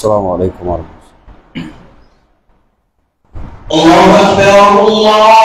السلام عليكم ورحمة الله الله أكبر الله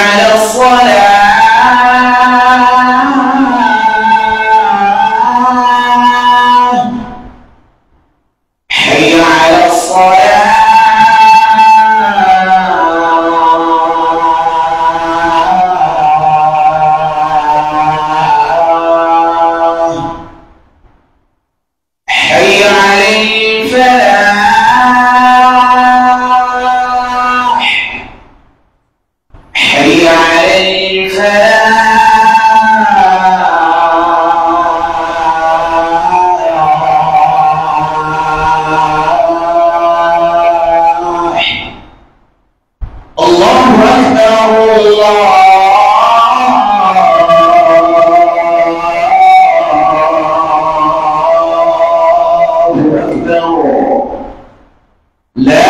على let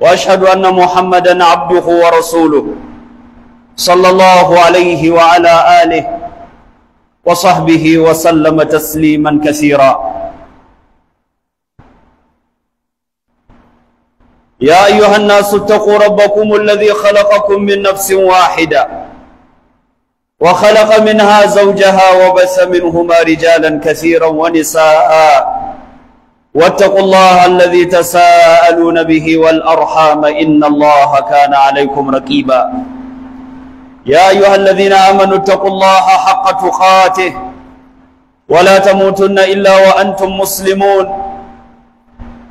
واشهد ان محمدا عبده ورسوله صلى الله عليه وعلى اله وصحبه وسلم تسليما كثيرا يا ايها الناس اتقوا ربكم الذي خلقكم من نفس واحده وخلق منها زوجها وبث منهما رجالا كثيرا ونساء واتقوا الله الذي تساءلون به والأرحام إن الله كان عليكم ركيبا يا أيها الذين آمنوا اتقوا الله حق تقاته ولا تموتن إلا وأنتم مسلمون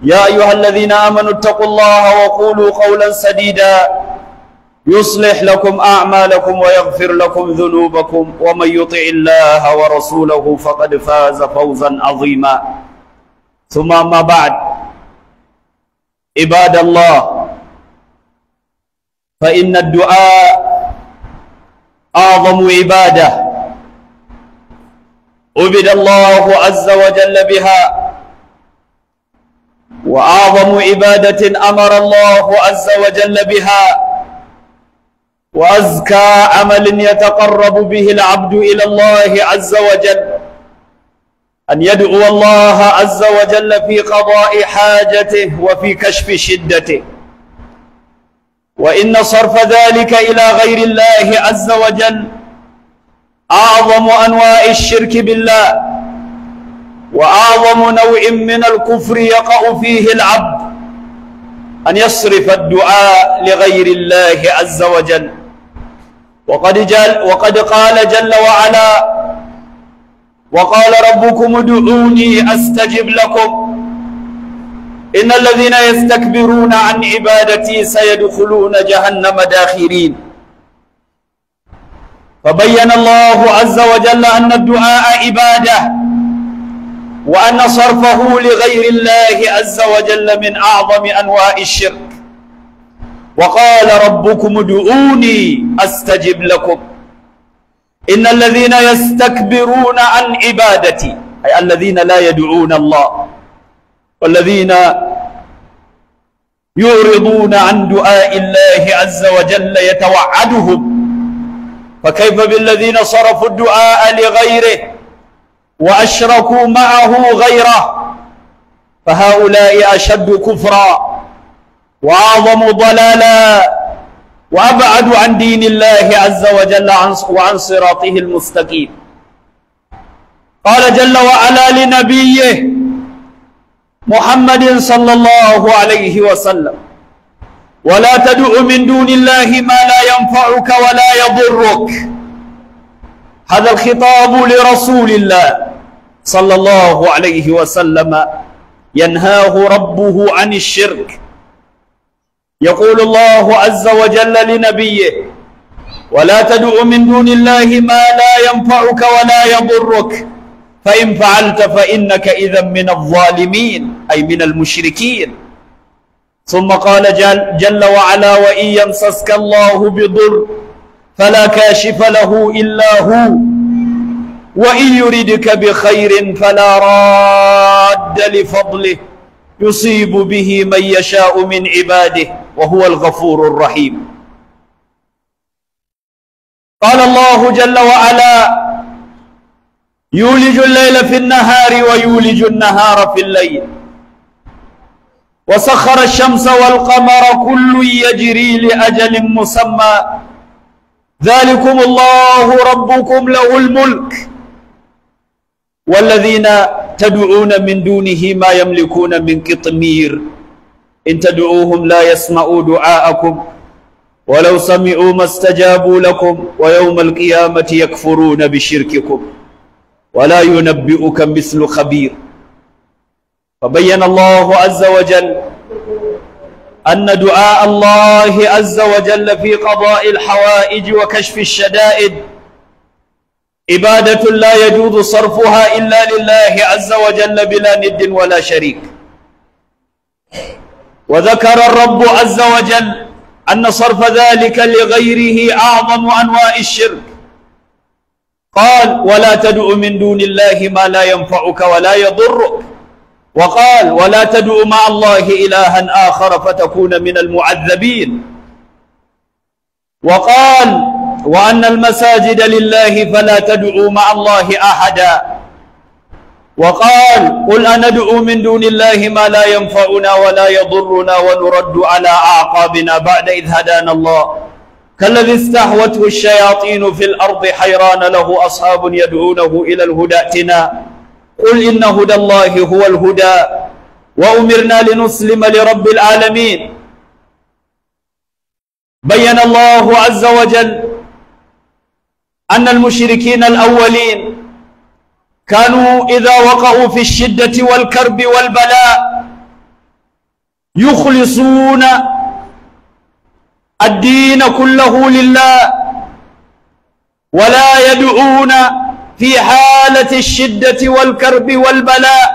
يا أيها الذين آمنوا اتقوا الله وقولوا قولا سديدا يصلح لكم أعمالكم ويغفر لكم ذنوبكم ومن يطع الله ورسوله فقد فاز فوزا عظيما ثم ما بعد عباد الله فإن الدعاء أعظم عبادة عبد الله عز وجل بها وأعظم عبادة أمر الله عز وجل بها وأزكى عمل يتقرب به العبد إلى الله عز وجل أن يدعو الله عز وجل في قضاء حاجته وفي كشف شدته وإن صرف ذلك إلى غير الله عز وجل أعظم أنواع الشرك بالله وأعظم نوع من الكفر يقع فيه العبد أن يصرف الدعاء لغير الله عز وجل وقد, جل وقد قال جل وعلا وقال ربكم ادعوني أستجب لكم إن الذين يستكبرون عن عبادتي سيدخلون جهنم داخرين فبين الله عز وجل أن الدعاء عبادة وأن صرفه لغير الله عز وجل من أعظم أنواع الشرك وقال ربكم ادعوني أستجب لكم إن الذين يستكبرون عن عبادتي أي الذين لا يدعون الله والذين يعرضون عن دعاء الله عز وجل يتوعدهم فكيف بالذين صرفوا الدعاء لغيره وأشركوا معه غيره فهؤلاء أشد كفرا وأعظم ضلالا وأبعد عن دين الله عز وجل وعن صراطه المستقيم قال جل وعلا لنبيه محمد صلى الله عليه وسلم ولا تدع من دون الله ما لا ينفعك ولا يضرك هذا الخطاب لرسول الله صلى الله عليه وسلم ينهاه ربه عن الشرك يقول الله عز وجل لنبيه ولا تدع من دون الله ما لا ينفعك ولا يضرك فإن فعلت فإنك إذا من الظالمين أي من المشركين ثم قال جل, جل وعلا وإن يمسسك الله بضر فلا كاشف له إلا هو وإن يردك بخير فلا راد لفضله يصيب به من يشاء من عباده وهو الغفور الرحيم قال الله جل وعلا يولج الليل في النهار ويولج النهار في الليل وسخر الشمس والقمر كل يجري لأجل مسمى ذلكم الله ربكم له الملك والذين تدعون من دونه ما يملكون من قطمير إن تدعوهم لا يسمعوا دعاءكم ولو سمعوا ما استجابوا لكم ويوم القيامة يكفرون بشرككم ولا ينبئك مثل خبير فبين الله عز وجل أن دعاء الله عز وجل في قضاء الحوائج وكشف الشدائد عبادة لا يجوز صرفها إلا لله عز وجل بلا ند ولا شريك وذكر الرب عز وجل أن صرف ذلك لغيره أعظم أنواع الشرك قال ولا تدع من دون الله ما لا ينفعك ولا يضرك وقال ولا تدع مع الله إلها آخر فتكون من المعذبين وقال وأن المساجد لله فلا تدعوا مع الله أحدا وقال قل أندعو من دون الله ما لا ينفعنا ولا يضرنا ونرد على أعقابنا بعد إذ هدانا الله كالذي استهوته الشياطين في الأرض حيران له أصحاب يدعونه إلى الهدى ائتنا قل إن هدى الله هو الهدى وأمرنا لنسلم لرب العالمين بين الله عز وجل أن المشركين الأولين كانوا إذا وقعوا في الشدة والكرب والبلاء يخلصون الدين كله لله ولا يدعون في حالة الشدة والكرب والبلاء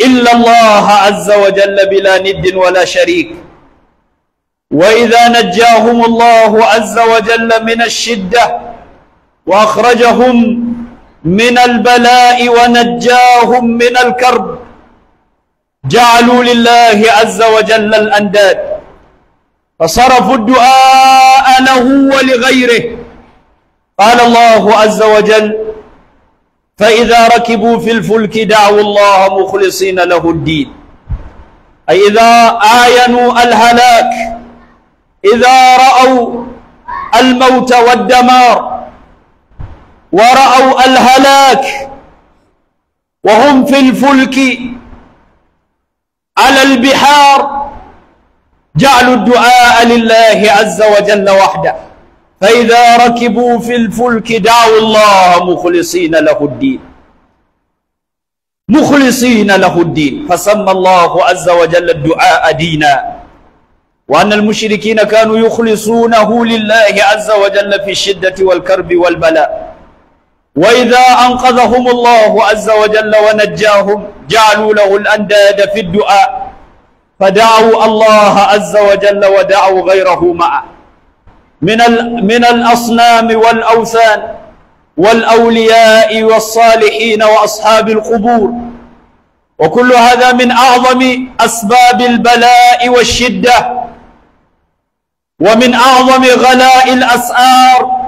إلا الله عز وجل بلا ند ولا شريك وإذا نجاهم الله عز وجل من الشدة وأخرجهم من البلاء ونجاهم من الكرب جعلوا لله عز وجل الأنداد فصرفوا الدعاء له ولغيره قال الله عز وجل فإذا ركبوا في الفلك دعوا الله مخلصين له الدين أي إذا عاينوا الهلاك إذا رأوا الموت والدمار ورأوا الهلاك وهم في الفلك على البحار جعلوا الدعاء لله عز وجل وحده فإذا ركبوا في الفلك دعوا الله مخلصين له الدين مخلصين له الدين فسمى الله عز وجل الدعاء دينا وأن المشركين كانوا يخلصونه لله عز وجل في الشدة والكرب والبلاء وإذا أنقذهم الله عز وجل ونجاهم جعلوا له الأنداد في الدعاء فدعوا الله عز وجل ودعوا غيره معه من من الأصنام والأوثان والأولياء والصالحين وأصحاب القبور وكل هذا من أعظم أسباب البلاء والشدة ومن أعظم غلاء الأسعار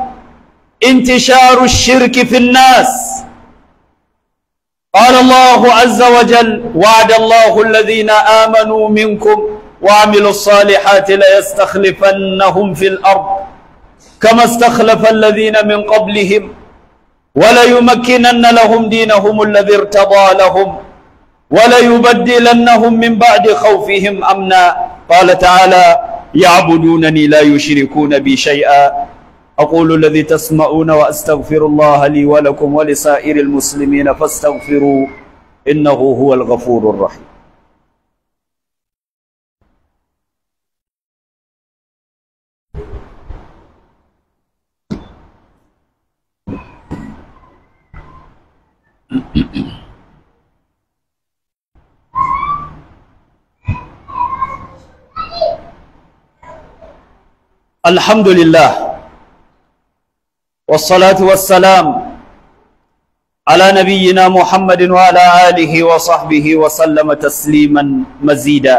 انتشار الشرك في الناس قال الله عز وجل وعد الله الذين آمنوا منكم وعملوا الصالحات ليستخلفنهم في الأرض كما استخلف الذين من قبلهم وليمكنن لهم دينهم الذي ارتضى لهم وليبدلنهم من بعد خوفهم أمنا قال تعالى يعبدونني لا يشركون بي شيئا أقول الذي تسمعون وأستغفر الله لي ولكم ولسائر المسلمين فاستغفروا إنه هو الغفور الرحيم الحمد لله والصلاة والسلام على نبينا محمد وعلى آله وصحبه وسلم تسليما مزيدا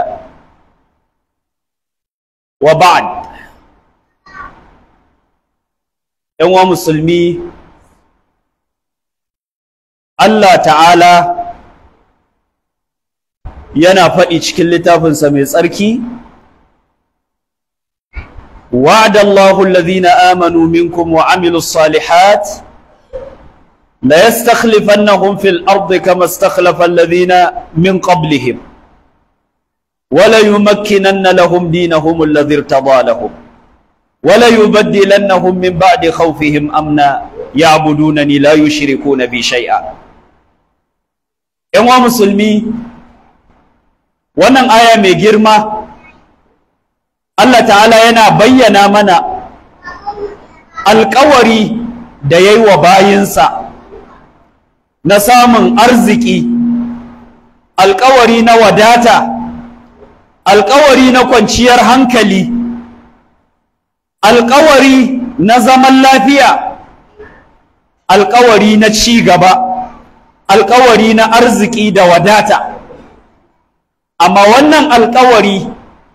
وبعد ‘yan musulmi Allah ta'ala yana faɗi cikin littafinsa mai tsarki وعد الله الذين آمنوا منكم وعملوا الصالحات ليستخلفنهم في الأرض كما استخلف الذين من قبلهم وليمكنن لهم دينهم الذي ارتضى لهم وليبدلنهم من بعد خوفهم أمنا يعبدونني لا يشركون بي شيئا إمام مسلمي وانا آية aya Allah ta'ala yana bayyana mana Alƙawari da ya yi wa bayinsa na samun arziki alƙawari na wadata alƙawari na kwanciyar hankali alkawari na zaman lafiya alƙawari na ci gaba alkawari na arziki da wadata amma wannan alƙawari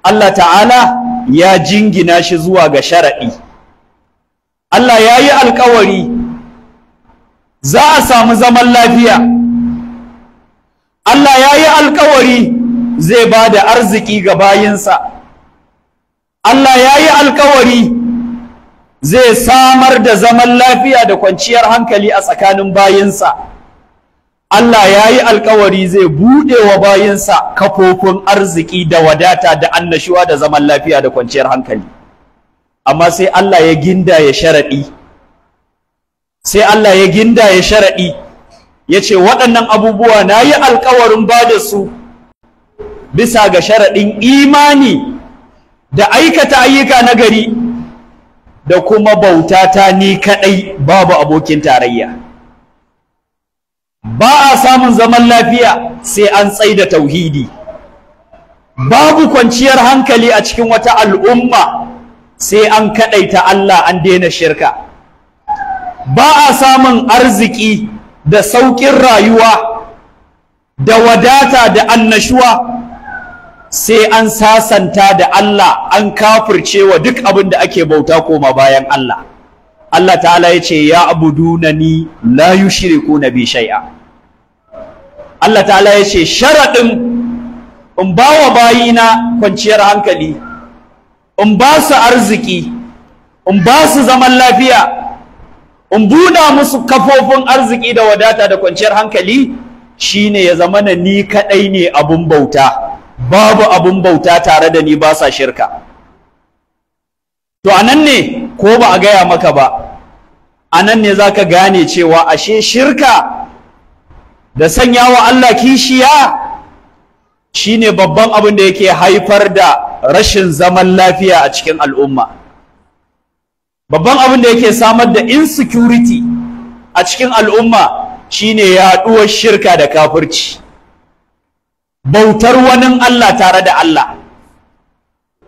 Allah ta'ala ya jingina shi zuwa ga sharaɗi Allah ya yi alkawari za a samu zaman lafiya Allah ya yi alkawari zai ba da arziki ga bayinsa Allah ya yi alkawari zai samar da zaman lafiya da kwanciyar hankali a tsakanin bayinsa Allah ya yi alkawari zai buɗe wa bayinsa kafofin arziki da wadata da annashuwa da zaman lafiya da kwanciyar hankali amma sai Allah ya ginda ya sharaɗi sai Allah ya ginda ya sharaɗi ya ce waɗannan abubuwa na yi alkawarin ba da su bisa ga sharaɗin imani da aikata ayyuka na gari da kuma bautata ni kaɗai babu abokin tarayya ba a samun zaman lafiya sai an tsai da tauhidi babu kwanciyar hankali a cikin wata al'umma sai an kaɗaita Allah an daina shirka ba a samun arziki da sauƙin rayuwa da wadata da annashuwa sai an sasanta da Allah an wa duk abin da ake bauta koma bayan Allah Allah ta'ala ya ce ya abudunani la yushriku na bi shay'a Allah ta'ala ya ce sharaɗin in ba wa bayina kwanciyar hankali in ba su arziki in ba su zaman lafiya in buɗa musu kafofin arziki da wadata da kwanciyar hankali shine ya zama na ni kaɗai ne abun bauta babu abun bauta tare da ni ba sa shirka to anan nan ne ko ba a gaya maka ba Anan ne za ka gane cewa ashe shirka da sanya wa Allah kishiya shine babban abin da yake haifar da rashin zaman lafiya a cikin al'umma babban abin da yake samar da insecurity a cikin al'umma shine yaɗuwar shirka da kafirci bautar wani Allah tare da Allah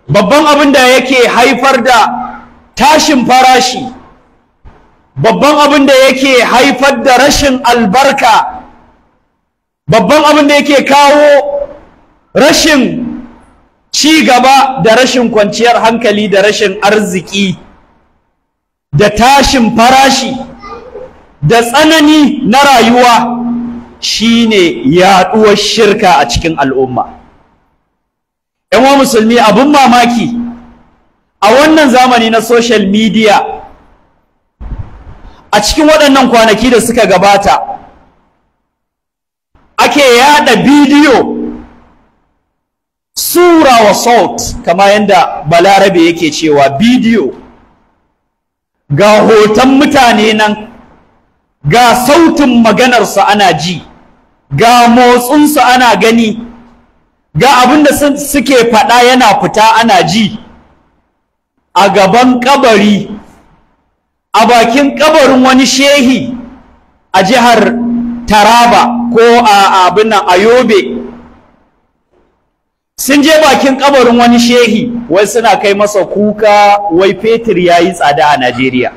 babban abin da yake haifar da tashin farashi babban abin da yake haifar da rashin albarka babban abin da yake kawo rashin ci gaba da rashin kwanciyar hankali da rashin arziki da tashin farashi da tsanani na rayuwa shine yaɗuwar shirka a cikin al'umma yan musulmi abin mamaki a wannan zamani na social media a cikin waɗannan kwanaki da suka gabata ake yada bidiyo sura wa saut kama yadda balarabe yake cewa bidiyo ga hoton mutane nan ga sautin maganarsa ana ji ga motsinsu ana gani ga abin da suke faɗa yana fita ana ji a gaban kabari a bakin kabarin wani shehi a jihar taraba ko a abin nan a yobe sun je bakin kabarin wani shehi wai suna kai masa kuka wai fetur ya yi tsada a najeriya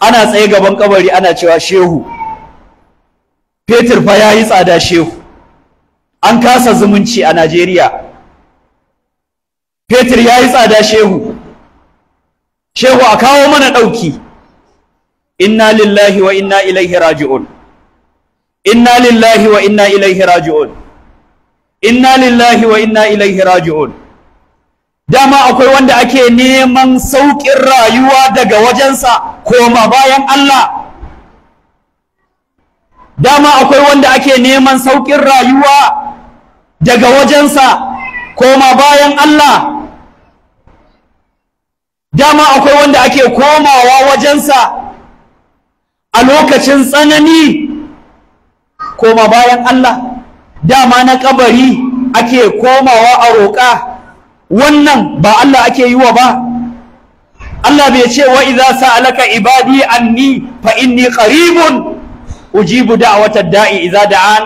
ana tsaye gaban kabari ana cewa shehu fetur fa ya yi tsada shehu an kasa zumunci a najeriya fetur ya yi tsada shehu shehu a kawo mana ɗauki inna lillahi wa inna ilaihi raji'un inna lillahi wa inna ilaihi raji'un inna lillahi wa inna ilaihi raji'un dama akwai wanda ake neman sauƙin rayuwa daga wajensa koma bayan Allah dama akwai wanda ake neman sauƙin rayuwa daga wajensa koma bayan Allah dama akwai wanda ake komawa wajensa a lokacin tsanani koma bayan Allah dama na kabari ake komawa a roƙa wannan ba Allah ake yi wa ba Allah bai ce wa idza sa'alaka ibadi anni fa inni qaribun ujibu da'watad da'i idza da'an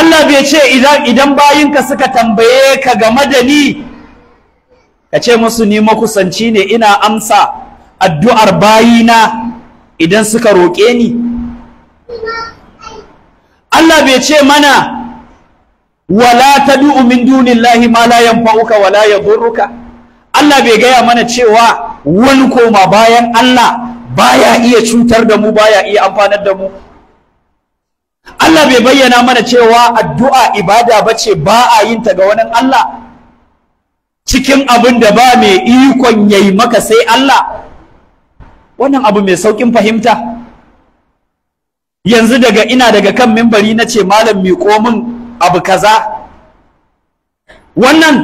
Allah bai ce idan bayinka suka tambaye ka game da ni ka ce musu ni makusanci ne ina amsa addu'ar bayina idan suka roƙe ni Allah bai ce mana wala tad'u min dunillahi ma la yanfa'uka wa la yadhurruka Allah bai gaya mana cewa wani koma bayan Allah baya iya cutar da mu baya iya amfanar da mu Allah bai bayyana mana cewa addu'a ibada ba ce ba a yin ta ga wani Allah cikin abin da ba mai ikon yayi maka sai Allah wannan abu mai saukin fahimta yanzu daga ina daga kan mimbari na ce malam miƙo min abu kaza wannan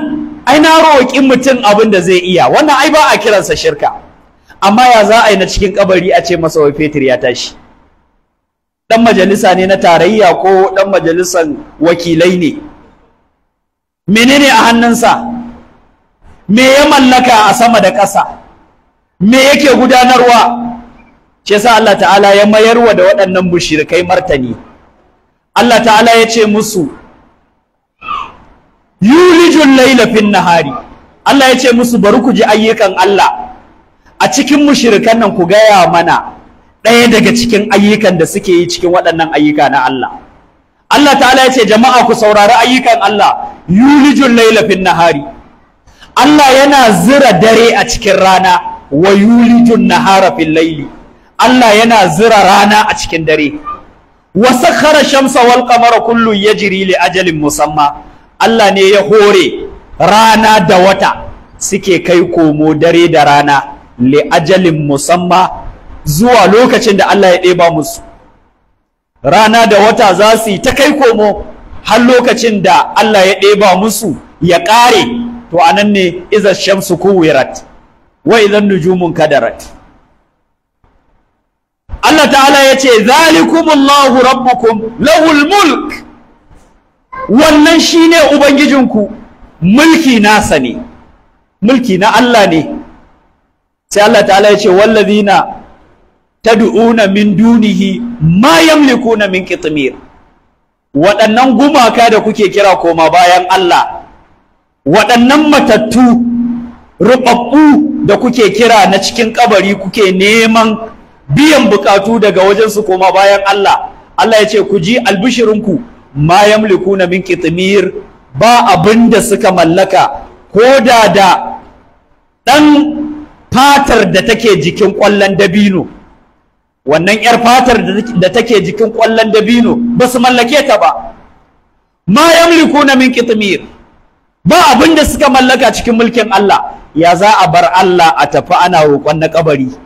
ai na roƙi mutum abin da zai iya wannan ai ba a kiransa shirka amma ya za a yi na cikin kabari a ce masa wai fetur ya tashi dan majalisa ne na tarayya ko dan majalisan wakilai ne menene a hannunsa me ya mallaka a sama da ƙasa me yake gudanarwa shi yasa Allah ta'ala ya mayarwa da waɗannan bushirikai, martani Allah ta'ala ya ce musu yulijun laila fin nahari Allah ya ce musu bari ku ji ayyukan Allah a cikin mushirikan nan ku gaya mana ɗaya daga cikin ayyukan da suke yi cikin waɗannan ayyuka na Allah Allah ta'ala ya ce jama'a ku saurari ayyukan Allah yulijun laila fin nahari Allah yana zira dare a cikin rana wa yulijun nahara fil laili Allah yana zira rana a cikin dare wa sakhara shamsa wal qamara kullu yajri li ajalin musamma Allah ne ya hore rana da wata suke kai komo dare da rana li ajalin musamma zuwa lokacin da Allah ya ɗeba musu rana da wata za su yi ta kai komo har lokacin da Allah ya ɗeba musu ya ƙare to anan ne iza shamsu kuwirat wa idan nujumun kadarat Allah ta'ala ya ce zalikumullahu rabbukum lahul mulk wannan shine ubangijinku mulki nasa ne mulki na Allah ne sai Allah ta'ala ya ce wallazina tad'una min dunihi ma yamlikuna min qitmir waɗannan gumaka da kuke kira koma bayan Allah waɗannan matattu ruɓaɓɓu da kuke kira na cikin kabari kuke neman biyan bukatu daga wajen su koma bayan Allah Allah ya ce ku ji albishirinku ma na min kitmir ba abin da suka mallaka ko da da dan fatar da take jikin kwallon dabino wannan yar fatar da take jikin kwallon dabino ba su mallake ta ba ma na min kitmir ba abin da suka mallaka cikin mulkin Allah ya za a bar Allah a tafi ana roƙon na kabari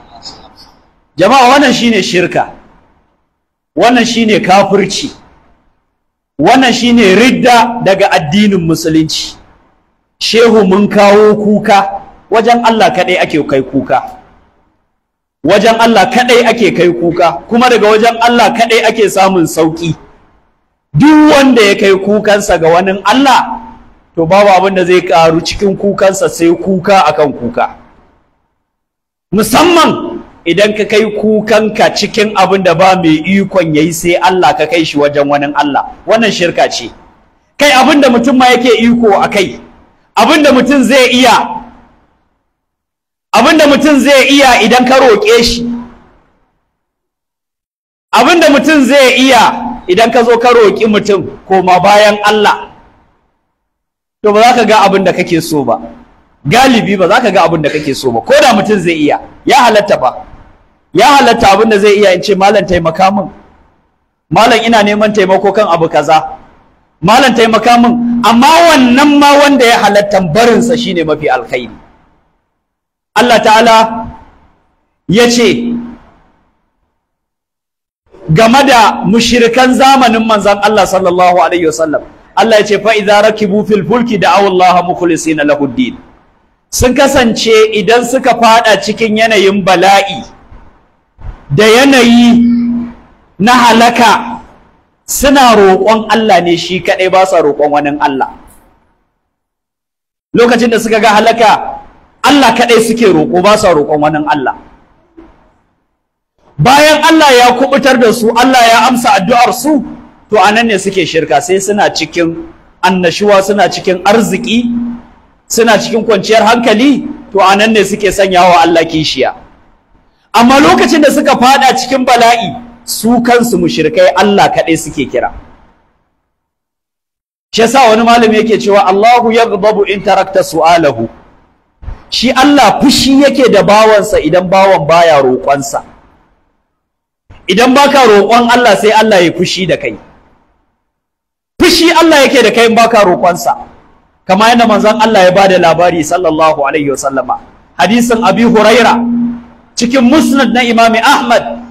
jama'a wannan shine shirka wannan shine kafirci wannan shine ridda daga addinin musulunci shehu mun kawo kuka wajen Allah kadai ake kai kuka wajen Allah kadai ake kai kuka kuma daga wajen Allah kadai ake samun sauki duk wanda ya kai kukansa ga wani Allah to babu abin da zai karu cikin kukansa sai kuka akan kuka musamman idan ka kai kukanka cikin abin da ba mai ikon yi sai Allah ka kai shi wajen wani Allah wannan shirka ce kai abin da mutum ma yake iko a kai abin da mutum zai iya abin da mutum zai iya idan ka roƙe shi abin da mutum zai iya idan ka zo ka roƙi mutum koma bayan Allah to ba za ka ga abin da kake so ba galibi ba za ka ga abin da kake so ba ko da mutum zai iya ya halatta ba ya halatta abin da zai iya in ce malam taimaka min malam ina neman taimako kan abu kaza malam taimaka min amma wannan ma wanda ya halatta barinsa shine mafi alkhairi Allah ta'ala ya ce game da mushirikan zamanin manzan Allah sallallahu alaihi wasallam Allah ya ce fa idza rakibu fil fulki Allah mukhlisina lahu din sun kasance idan suka fada cikin yanayin bala'i da yanayi na halaka suna roƙon Allah ne shi kaɗai ba sa roƙon wani Allah lokacin da suka ga halaka Allah kaɗai suke roƙo ba sa roƙon wani Allah bayan Allah ya kubutar da su Allah ya amsa addu'ar su to anan ne suke shirka sai suna cikin annashuwa suna cikin arziki suna cikin kwanciyar hankali to anan ne suke sanyawa Allah kishiya amma lokacin da suka fada cikin bala'i su kansu mushrikai Allah kaɗai suke kira shi yasa wani malami yake cewa Allahu yaghdabu in tarakta su'alahu shi Allah fushi yake da bawansa idan bawan baya roƙonsa idan baka roƙon Allah sai Allah ya fushi da kai fushi Allah yake da kai in baka roƙonsa kama yadda manzon Allah ya bada labari sallallahu alaihi wasallama hadisin Abi Huraira cikin musnad na imami ahmad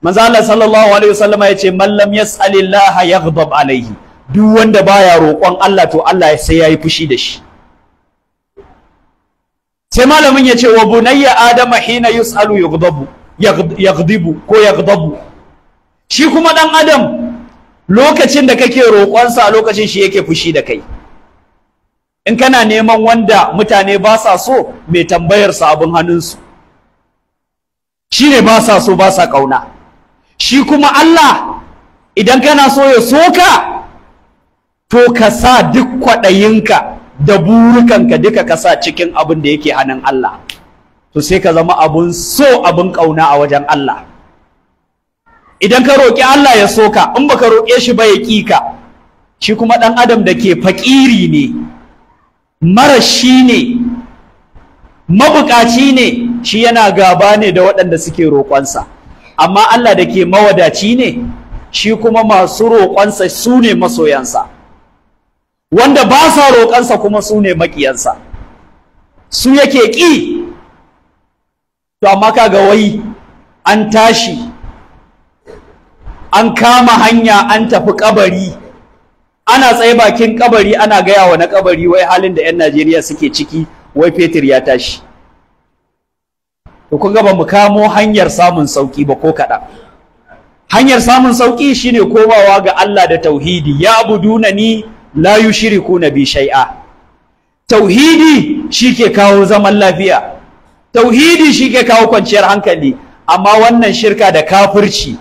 manzo Allah sallallahu alaihi wasallama yace man lam yas'alillah yaghdab alaihi duk wanda baya roƙon Allah to Allah sai yi fushi da shi sai malamin ya ce wa bunayya adama hina yus'alu yughdabu yaghdibu ko yaghdabu shi kuma ɗan adam lokacin da kake roƙonsa a lokacin shi yake fushi da kai in kana neman wanda mutane ba sa so mai tambayar sa hannunsu shi ne ba sa so ba sa ƙauna shi kuma Allah idan kana so ya so ka to ka sa duk kwaɗayinka da burukanka duka ka sa cikin abin da yake hannun Allah to sai ka zama abin so abin ƙauna a wajen Allah idan ka roƙi Allah ya so ka in baka roƙe shi ba ya ƙi ka shi kuma ɗan adam da ke faƙiri ne Mara shi ne mabuƙaci ne shi yana gaba ne da waɗanda suke roƙonsa amma Allah da ke mawadaci ne shi kuma masu roƙonsa su ne masoyansa wanda ba sa roƙonsa kuma su ne maƙiyansa su yake ƙi to amma kaga wai an tashi an kama hanya an tafi ƙabari. ana tsaye bakin ƙabari, ana gaya wa na ƙabari. wai halin da 'yan Najeriya suke ciki wai fetur ya tashi to kun ga ba mu kamo hanyar samun sauki ba ko kaɗan hanyar samun sauki shine komawa ga Allah da tauhidi ya abuduna ni la na bi shay'a tauhidi shike kawo zaman lafiya tauhidi shike kawo kwanciyar hankali amma wannan shirka da kafirci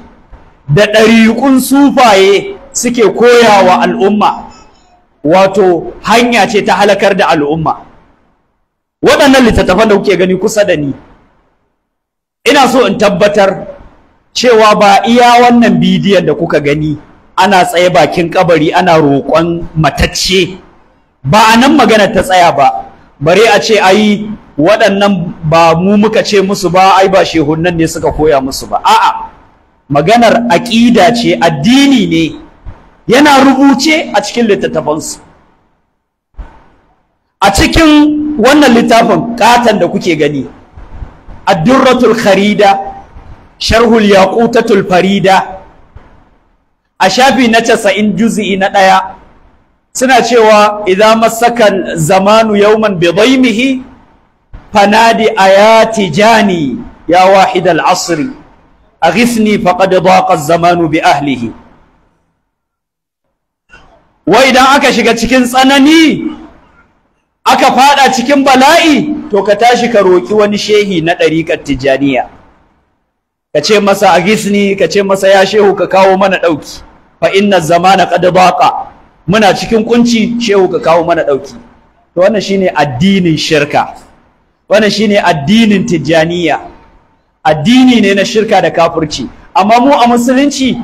da ɗariƙun sufaye suke koyawa al'umma wato hanya ce ta halakar da al'umma waɗannan littattafan da kuke gani kusa da ni ina so in tabbatar cewa ba iya wannan bidiyon da kuka gani ana tsaye bakin kabari ana roƙon matacce ba a nan magana ta tsaya ba bare a ce ai waɗannan ba mu muka ce musu ba ai ba shehunan ne suka koya musu ba a'a maganar aƙida ce addini ne yana rubuce a cikin littattafansu a cikin wannan littafin katon da kuke gani addurratul kharida sharhul yaqutatul farida a shafi na casa'in juzi na ɗaya suna cewa idza masakan zamanu yawman bi dhaymihi fanadi ayati jani ya wahid al asri aghithni faqad daqa zamanu bi ahlihi wa idan aka shiga cikin tsanani aka fada cikin bala'i to ka tashi ka roki wani shehi na ɗarikar tijjaniya ka ce masa agisni ka ce masa ya shehu ka kawo mana ɗauki fa inna zamana qad baqa muna cikin kunci shehu ka kawo mana ɗauki to wannan shine addinin shirka wannan shine addinin tijjaniya addini ne na shirka da kafirci amma mu a musulunci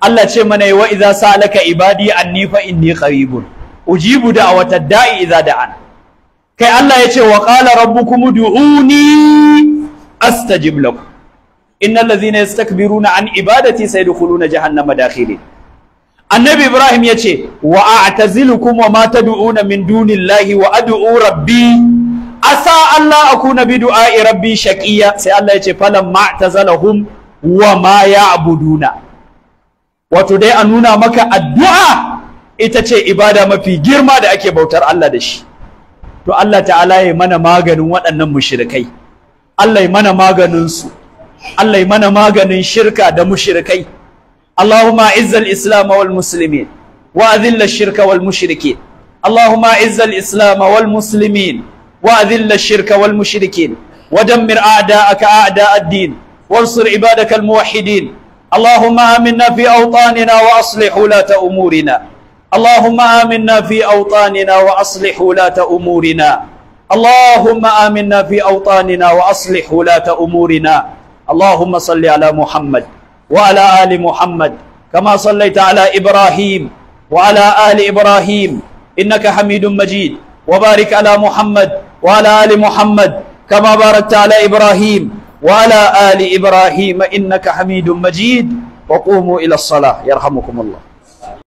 Allah ce mana wa idza salaka ibadi anni fa inni qaribun ujibu da'watad da'i idza da'an kai Allah ya ce wa qala rabbukum ud'uni astajib lakum innal ladhina yastakbiruna an ibadati sayadkhuluna jahannama dakhirin annabi ibrahim ya ce wa a'tazilukum wa ma tad'una min dunillahi wa ad'u rabbi asa Allah akuna bi du'a'i rabbi shaqiya sai Allah yace ce falam ma'tazalahum wa ma ya'buduna wato dai a nuna maka addu'a ita ce ibada mafi girma da ake bautar Allah da shi to Allah ta'ala ya mana maganin waɗannan mushrikai Allah ya mana maganin su Allah ya mana maganin shirka da mushrikai Allahumma izzal islam wal muslimin wa adhilla shirka wal mushrikin Allahumma izzal islam wal muslimin wa adhilla shirka wal mushrikin wa ودمر أعداءك أعداء الدين وانصر عبادك الموحدين اللهم آمنا في أوطاننا وأصلح ولاة أمورنا اللهم آمنا في أوطاننا وأصلح ولاة أمورنا اللهم آمنا في أوطاننا وأصلح ولاة أمورنا اللهم صل على محمد وعلى آل محمد كما صليت على إبراهيم وعلى آل إبراهيم إنك حميد مجيد وبارك على محمد وعلى آل محمد كما باركت على إبراهيم وعلى آل إبراهيم إنك حميد مجيد وقوموا إلى الصلاة يرحمكم الله